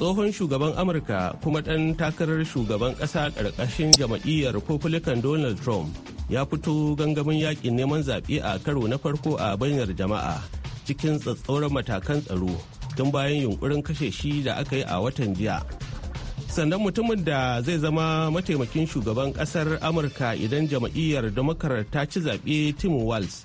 tsohon shugaban amurka kuma ɗan takarar shugaban ƙasa ƙarƙashin jama'iyyar republican donald trump ya fito gangamin yaƙin neman zaɓe a karo na farko a bayyar jama'a cikin tsatsauran matakan tsaro tun bayan yunkurin kashe shi da aka yi a watan jiya sannan mutumin da zai zama mataimakin shugaban kasar amurka idan jama'iyyar democrat ta ci zaɓe tim walz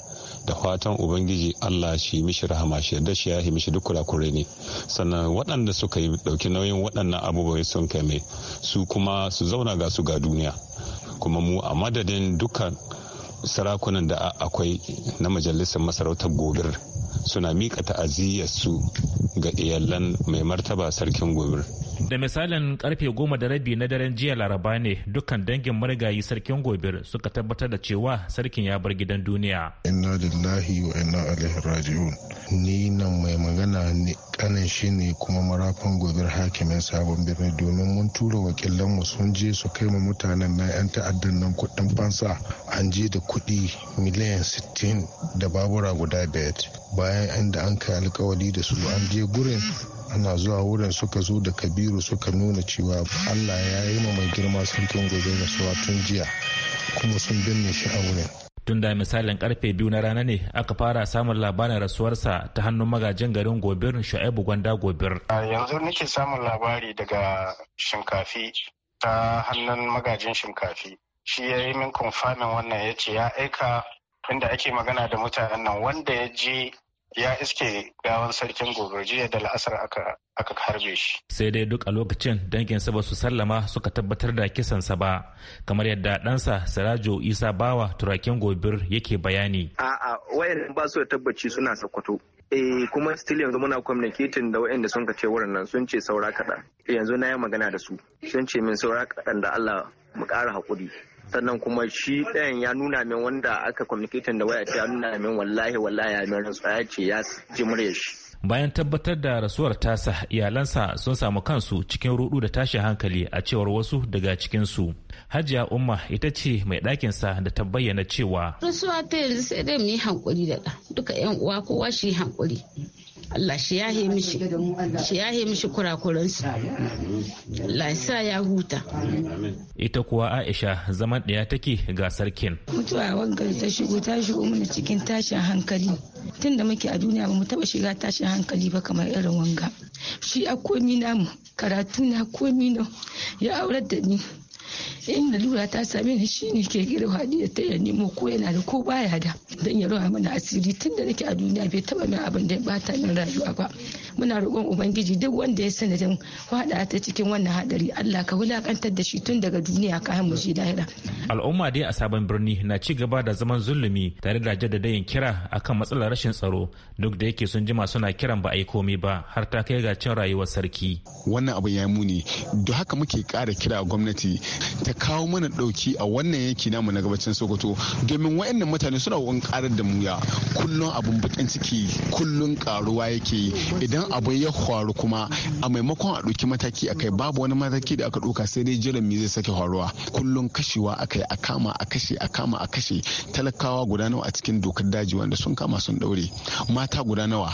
da fatan ubangiji allah shi mishi rahama shi da shi ya yi mishi duk kurakure ne sannan waɗanda suka yi ɗauki nauyin waɗannan abubuwa sun kai su kuma su zauna ga su ga duniya kuma mu a madadin dukkan sarakunan da akwai na majalisar masarautar gobir suna miƙa ta'aziyyar su ga iyalan mai martaba sarkin gobir Da misalin karfe goma da rabi na daren jiya laraba ne dukkan dangin marigayi sarkin gobir suka tabbatar da cewa sarkin ya bar gidan duniya. Inna lillahi wa inna ilaihi raji'un. Ni nan mai magana ne kanin shi ne kuma marafan gobir hakimin sabon birni domin mun tura wakilan mu sun je su kai mu mutanen na yan ta'addan nan kudin fansa an je da kudi miliyan 60 da babura guda biyar bayan inda an kai alkawali da su an je gurin ana zuwa wurin suka zo da kabiru suka nuna cewa allah ya yi ma mai girma sarkin gobe suwa tun jiya kuma sun binne shi a wurin tun da misalin karfe biyu na rana ne aka fara samun labarin rasuwarsa ta hannun magajin garin gobir shu'aibu gwanda gobir yanzu nake samun labari daga shinkafi ta hannun magajin shinkafi shi ya yi min kumfamin wannan ya ce ya aika inda ake magana da mutanen nan wanda ya je ya iske gawan sarkin gobe jiya da la'asar aka harbe shi. Sai dai duk a lokacin danginsa ba su sallama suka tabbatar da kisansa ba kamar yadda ɗansa Sirajo Isa Bawa turakin gobir yake bayani. A'a wayan ba su da tabbaci suna sakwato. Eh kuma still yanzu muna communicating da wayanda sun ka ce wurin nan sun ce saura kaɗan. Yanzu na yi magana da su. Sun ce min saura kaɗan da Allah mu ƙara haƙuri. sannan kuma shi ɗayan ya nuna min wanda aka communicating da waya ce ya nuna min wallahi wallahi ya min rantsuwa ya ce ya ji shi bayan tabbatar da rasuwar tasa iyalansa sun samu kansu cikin rudu da tashin hankali a cewar wasu daga cikinsu hajiya umma ita ce mai ɗakin sa da ta bayyana cewa rasuwa ta yanzu sai dai mu yi hankuri da ɗa duka yan uwa kowa shi hankuri Allah shi yahe mishi shi yahe mishi kurakuransu Allah sa ya huta ita kuwa Aisha zaman ɗaya take ga sarkin mutuwa wanga ta shigo ta shigo mana cikin tashin hankali tun da muke a duniya ba mu taba shiga tashin hankali ba kamar irin wanga shi a komi namu karatu na komi na ya aurar da ni Eh, in lura ta same ni shine ke girma hadiya ta ya nemo ko yana da ko baya da dan ya rawa mana asiri tun da nake a duniya bai taba min abin da ya bata min rayuwa ba muna roƙon ubangiji duk wanda ya dan hada ta cikin wannan hadari Allah ka wulakantar da shi tun daga duniya ka mu shi lahira al'umma dai a sabon birni na ci gaba da zaman zulumi tare da jaddadayin kira akan matsalar rashin tsaro duk da yake sun jima suna kiran ba a komai ba har ta kai ga cin rayuwar sarki wannan abu ya muni da haka muke kara kira gwamnati ta kawo mana dauki a wannan yanki namu na gabacin sokoto domin wayannan mutane suna kokarin karar da muya ya kullun abun bakin ciki kullun karuwa yake idan abu ya faru kuma a maimakon a ɗauki mataki akai babu wani mataki da aka ɗauka sai dai jiran me zai sake faruwa kullun kashewa akai a kama a kashe a kama a kashe talakawa guda nawa a cikin dokar daji wanda sun kama sun daure mata guda nawa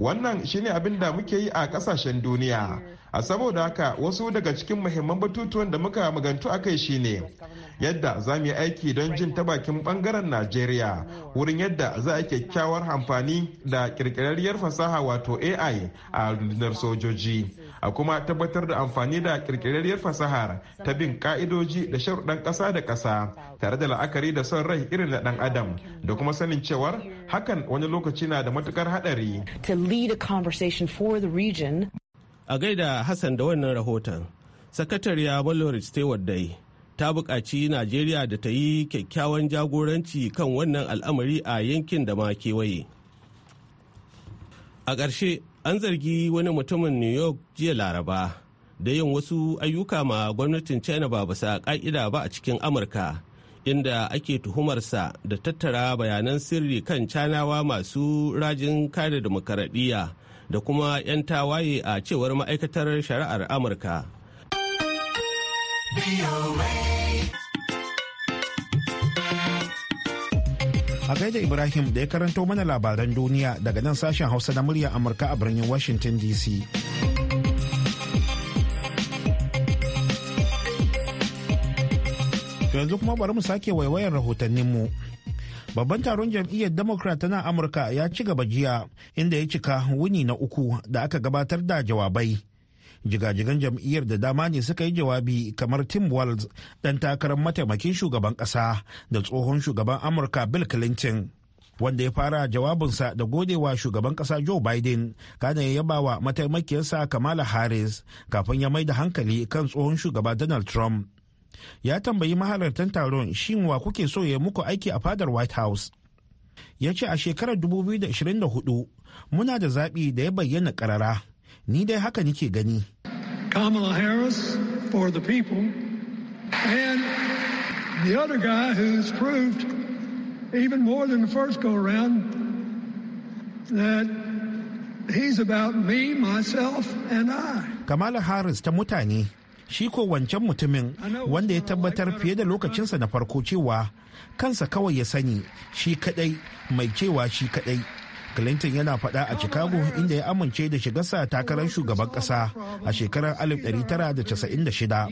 wannan shine abin da muke yi a kasashen duniya a saboda haka wasu daga cikin muhimman batutuwan da muka magantu a kai shine yadda za mu yi aiki don jin ta bakin bangaren najeriya wurin yadda za a kyakkyawar amfani da kirkirarriyar fasaha wato ai a rundunar sojoji a kuma tabbatar da amfani da kirkirarriyar fasahar ta bin ka'idoji da sharuɗan ƙasa da ƙasa tare da la'akari da son rai irin na ɗan adam da kuma sanin cewar hakan wani lokaci na da matukar haɗari. A gaida Hassan da wannan rahoton, Sakatariya Mallory Stewart dai ta buƙaci Najeriya da ta yi kyakkyawan jagoranci kan wannan al'amari a yankin da ma kewaye. A ƙarshe an zargi wani mutumin new york jiya laraba da yin wasu ayyuka ma gwamnatin china ba bisa ka'ida ba a cikin amurka inda ake tuhumarsa da tattara bayanan sirri kan canawa masu rajin kare demokaradiyya da kuma 'yan tawaye a cewar ma'aikatar shari'ar amurka. A da Ibrahim da ya karanto mana labaran duniya daga nan sashen Hausa na murya Amurka a birnin Washington DC. yanzu kuma bari mu sake waiwayar mu Babban taron jam'iyyar Democrat tana Amurka ya ci gaba jiya inda ya cika wuni na uku da aka gabatar da jawabai. jigajigan jam'iyyar da dama ne suka yi jawabi kamar tim walz dan takarar mataimakin shugaban ƙasa da tsohon shugaban amurka bill clinton wanda ya fara jawabinsa da godewa shugaban ƙasa joe biden kana ya yaba wa mataimakiyarsa kamala harris kafin ya mai da hankali kan tsohon shugaba donald trump ya tambayi mahalartan taron shin wa kuke so ya muku aiki a fadar white house ya ce a shekarar 2024 muna da zaɓi da ya bayyana ƙarara ni dai haka nike gani kamala harris for the people and the other guy who's proved even more than the first go around that he's about me myself and i kamala harris ta mutane shi ko wancan mutumin wanda ya tabbatar fiye da lokacinsa na farko cewa kansa kawai ya sani shi kadai mai cewa shi kadai clinton yana faɗa a chicago inda ya amince da shigarsa takarar shugaban ƙasa a shekarar 1996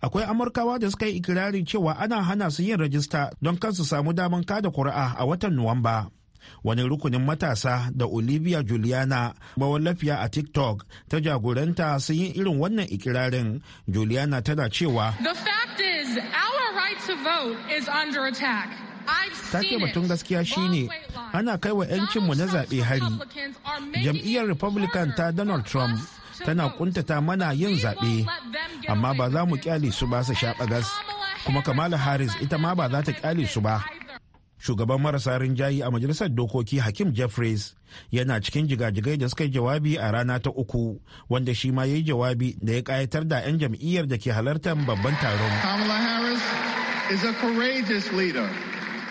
akwai amurkawa da suka yi ikirarin cewa ana hana su yin rajista don kansu samu daman kada kuri'a a watan nuwamba wani rukunin matasa da olivia juliana mawallafiya a tiktok ta jagoranta sun yi irin wannan ikirarin juliana tana cewa the fact is our right to vote is under attack take batun gaskiya shine ana kai wa 'yancinmu na zaɓe hari jam'iyyar republican ta donald trump tana kuntata mana yin zaɓe amma ba za mu kyale su ba su shaɓa gas kuma kamala harris ita ma ba za ta kyale su ba shugaban marasa rinjayi a majalisar dokoki hakim jeffries yana cikin jigajigai da suka yi jawabi a rana ta uku wanda shi ma ya yi jawabi da ya kayatar da 'yan jam'iyyar da ke halartar babban taron. Kamala Harris is a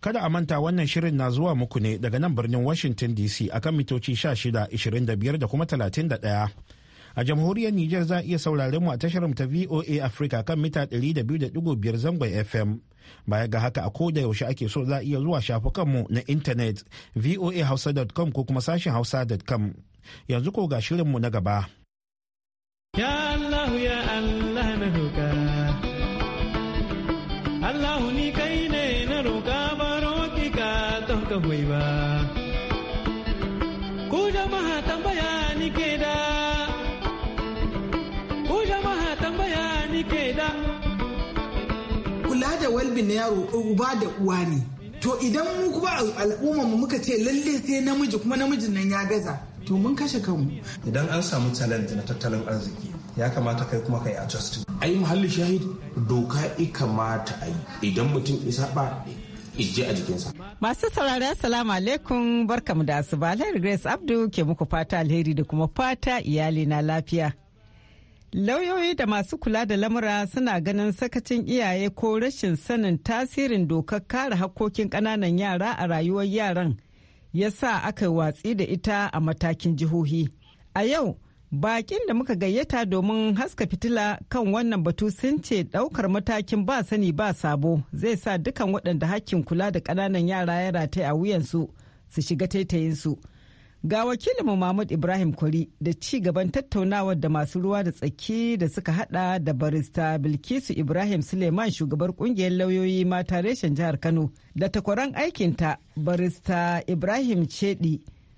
Kada a manta wannan shirin na zuwa muku ne daga nan birnin Washington DC akan mitoci 16, 25 da kuma 31. a jamhuriyar Nijar za a iya sauraren mu a tashar ta VOA Africa kan mita 200.5 zangon FM. Baya ga haka a koda yaushe ake so za a iya zuwa shafukan mu na intanet voahausa.com ko kuma sashen hausa.com. Yanzu ko ga shirin mu na gaba. Ya Allah ya Allah na ni kai gwaiba. Ku jama'a tambaya ni ke da, ku tambaya ni ke da. walbi na yaro uba da uwa ne. To idan mu kuma al'umma mu muka ce lalle sai namiji kuma namijin nan ya gaza. To mun kashe kanmu. Idan an samu challenge na tattalin arziki ya kamata kai kuma kai adjusting. Ai muhalli shahid doka ikamata kamata a yi idan mutum isa ba ije a jikinsa. Masu saurari assalamu alaikum barkamu da asuba alheri Grace Abdu ke muku fata alheri da kuma fata iyali na lafiya. Lauyoyi da masu kula da lamura suna ganin sakacin iyaye ko rashin sanin tasirin dokar kare hakkokin ƙananan yara a rayuwar yaran ya sa aka watsi da ita a matakin jihohi. A yau Bakin da muka gayyata domin haska fitila kan wannan batu sun ce daukar matakin ba sani ba sabo zai sa dukan waɗanda hakkin kula da ƙananan yara ya rataye a wuyansu su shiga taitayinsu. Ga wakilinmu Mahmud Ibrahim Kwari da ci gaban tattaunawar da masu ruwa da tsaki da suka hada da barista Bilkisu Ibrahim Suleiman shugabar kungiyar lauyoyi mata reshen jihar Kano da takwaran aikinta barista Ibrahim Chedi.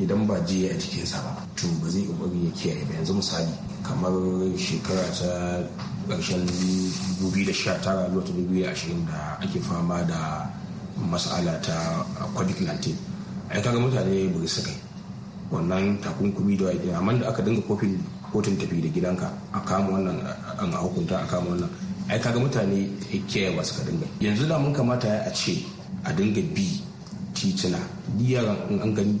idan ba jiya a jikinsa ba to ba zai kokari ya kiyaye ba yanzu misali kamar shekara ta ƙarshen 2019 zuwa ta 2020 da ake fama da mas'ala ta covid-19 ai kaga mutane ba su kai wannan takunkumi da wajen amma da aka dinga kofin kotun tafi da gidanka a kama wannan an a hukunta a kama wannan ai kaga mutane kiyaye ba ka dinga yanzu da mun kamata a ce a dinga bi titina yaran an gani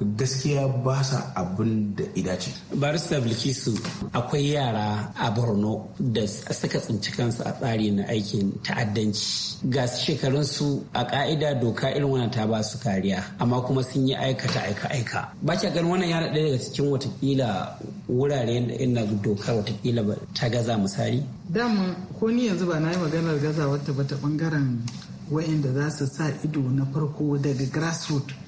gaskiya ba sa abin da idace. barista bilkisu akwai yara a borno da suka tsinci kansu a tsari na aikin ta'addanci ga shekarunsu a ka'ida doka irin wannan ta ba su kariya amma kuma sun yi aikata aika-aika ba ki ganin wannan yana ɗaya daga cikin watakila wurare inda dokar watakila ta gaza misali dama ko ni yanzu ba na yi maganar gaza wata bata bangaren wa'inda za su sa ido na farko daga grassroots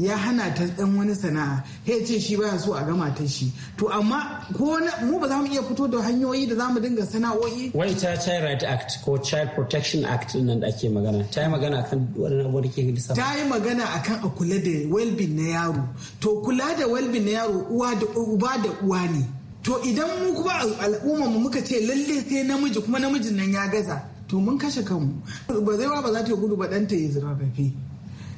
ya hana ta dan wani sana'a ya ce shi baya so a gama ta shi to amma ko mu ba za mu iya fito da hanyoyi da za mu dinga sana'o'i wai ta child right act ko child protection act nan da ake magana ta yi magana akan wannan abu da ke lissafa ta yi magana akan a kula da well na yaro to kula da well na yaro uwa da uba da uwa ne to idan mu kuma al'umma mu muka ce lalle sai namiji kuma namijin nan ya gaza to mun kashe kanmu ba zai ba za ta yi gudu ba ɗanta ya zirarrafe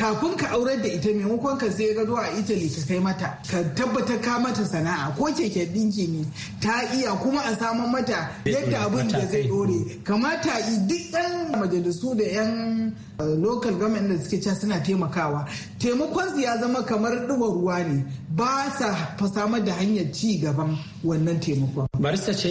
kafin ka aurar da ita maimakon ka sai gado a italy ka kai mata ka tabbatar ka mata sana'a ko keke dinki ne ta iya kuma a samun mata yadda abin da zai dore kamata duk yan majalisu da yan eh, local government da suke cewa suna taimakawa taimakon su ya zama kamar ɗuwar ruwa ne ba sa samar da hanyar ci gaban wannan taimakon barista ce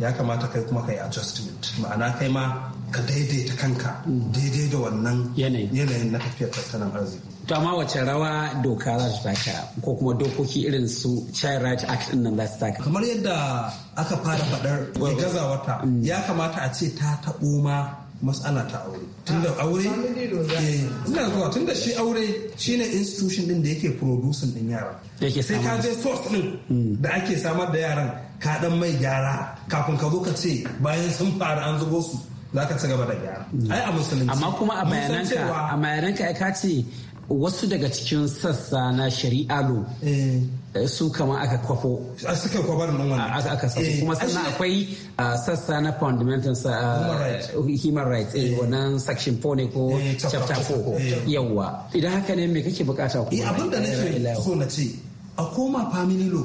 ya kamata kai kuma kai adjustment ma'ana kai ma ka daidaita kanka daidai da wannan yanayin na tafiyar tattalin arziki to amma wace rawa doka za su taka ko kuma dokoki irin su child rights act din nan za su taka kamar yadda aka fara faɗar wata. Mm. ya kamata a ce ta taɓo ma matsala ta aure tun da ah, aure eh, ina zuwa tun da shi aure shine institution din da yake producing din yara sai ka je source din hmm. da ake samar da yaran ka dan mai gyara kafin ka zo ka ce bayan sun fara an zubo su za ka ci gaba da gyara hmm. ai a musulunci amma kuma a bayananka a bayananka ce wasu daga cikin sassa na shari'a lo eh. Eh, su kama aka kwafo a ah, suka kwabar nan wannan ah, aka sa eh, kuma sannan akwai ah, sassa na fundamental human rights eh, wannan section 4 ne ko chapter 4 yawa idan haka ne me kake bukata ku abin da nake so na ce a koma family law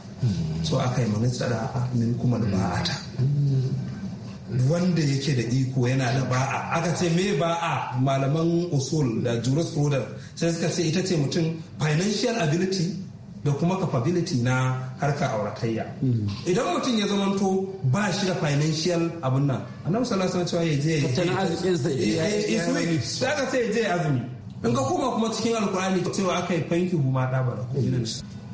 so aka yi tsara min kuma da ba'ata wanda yake da iko yana da ba'a aka ce me ba'a malaman usul da jurisprudence sai suka ce ita ce mutum financial ability da kuma capability na harkar auratayya idan mutum ya zamanto ba shi da financial abun nan annabi sallallahu alaihi wasallam ya je ya tattalin arzikin sa ya ya je azumi in ka kuma kuma cikin alkurani cewa aka yi fanki huma da ba da kuma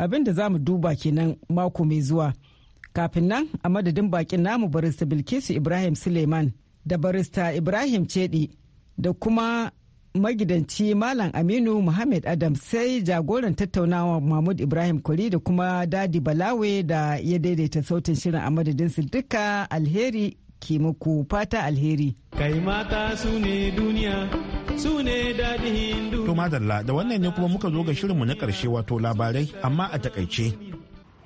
abin da za mu duba kenan mako mai zuwa kafin nan a madadin bakin namu barista bilkisu ibrahim suleiman da barista ibrahim cedi da kuma magidanci malam aminu muhammad adam sai jagoran tattaunawa mahmud ibrahim kuri da kuma dadi balawe da ya daidaita sautin shirin a madadinsu duka alheri ke muku fata alheri. Kai mata su ne duniya, su ne daɗin duniya. To madalla da wannan ne kuma muka zo ga shirinmu na ƙarshe wato labarai amma a takaice.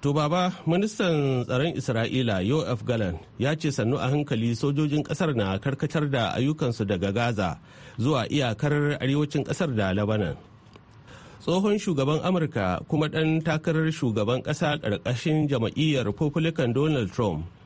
To baba, ministan tsaron Isra'ila Yoav Galan ya ce sannu a hankali sojojin ƙasar na karkatar da ayyukansu daga Gaza zuwa iyakar arewacin ƙasar da Lebanon. tsohon shugaban amurka kuma ɗan takarar shugaban ƙasa ƙarƙashin jama'iyyar republican donald trump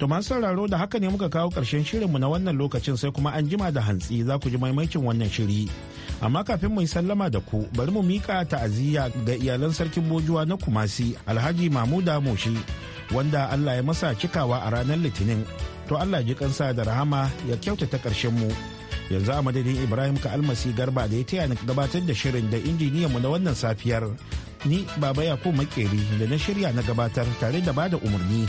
To masu sauraro da haka ne muka kawo ƙarshen shirinmu na wannan lokacin sai kuma an jima da hantsi za ku ji maimakin wannan shiri. Amma kafin mu yi sallama da ku bari mu miƙa ta'aziyya ga iyalan sarkin bojuwa na Kumasi Alhaji Mamuda Moshi wanda Allah ya masa cikawa a ranar Litinin. To Allah ji kansa da rahama ya kyautata ƙarshen mu. Yanzu a madadin Ibrahim ka almasi garba da ya taya ni gabatar da shirin da injiniyanmu na wannan safiyar. Ni Baba yakub Makeri da na shirya na gabatar tare da bada umarni.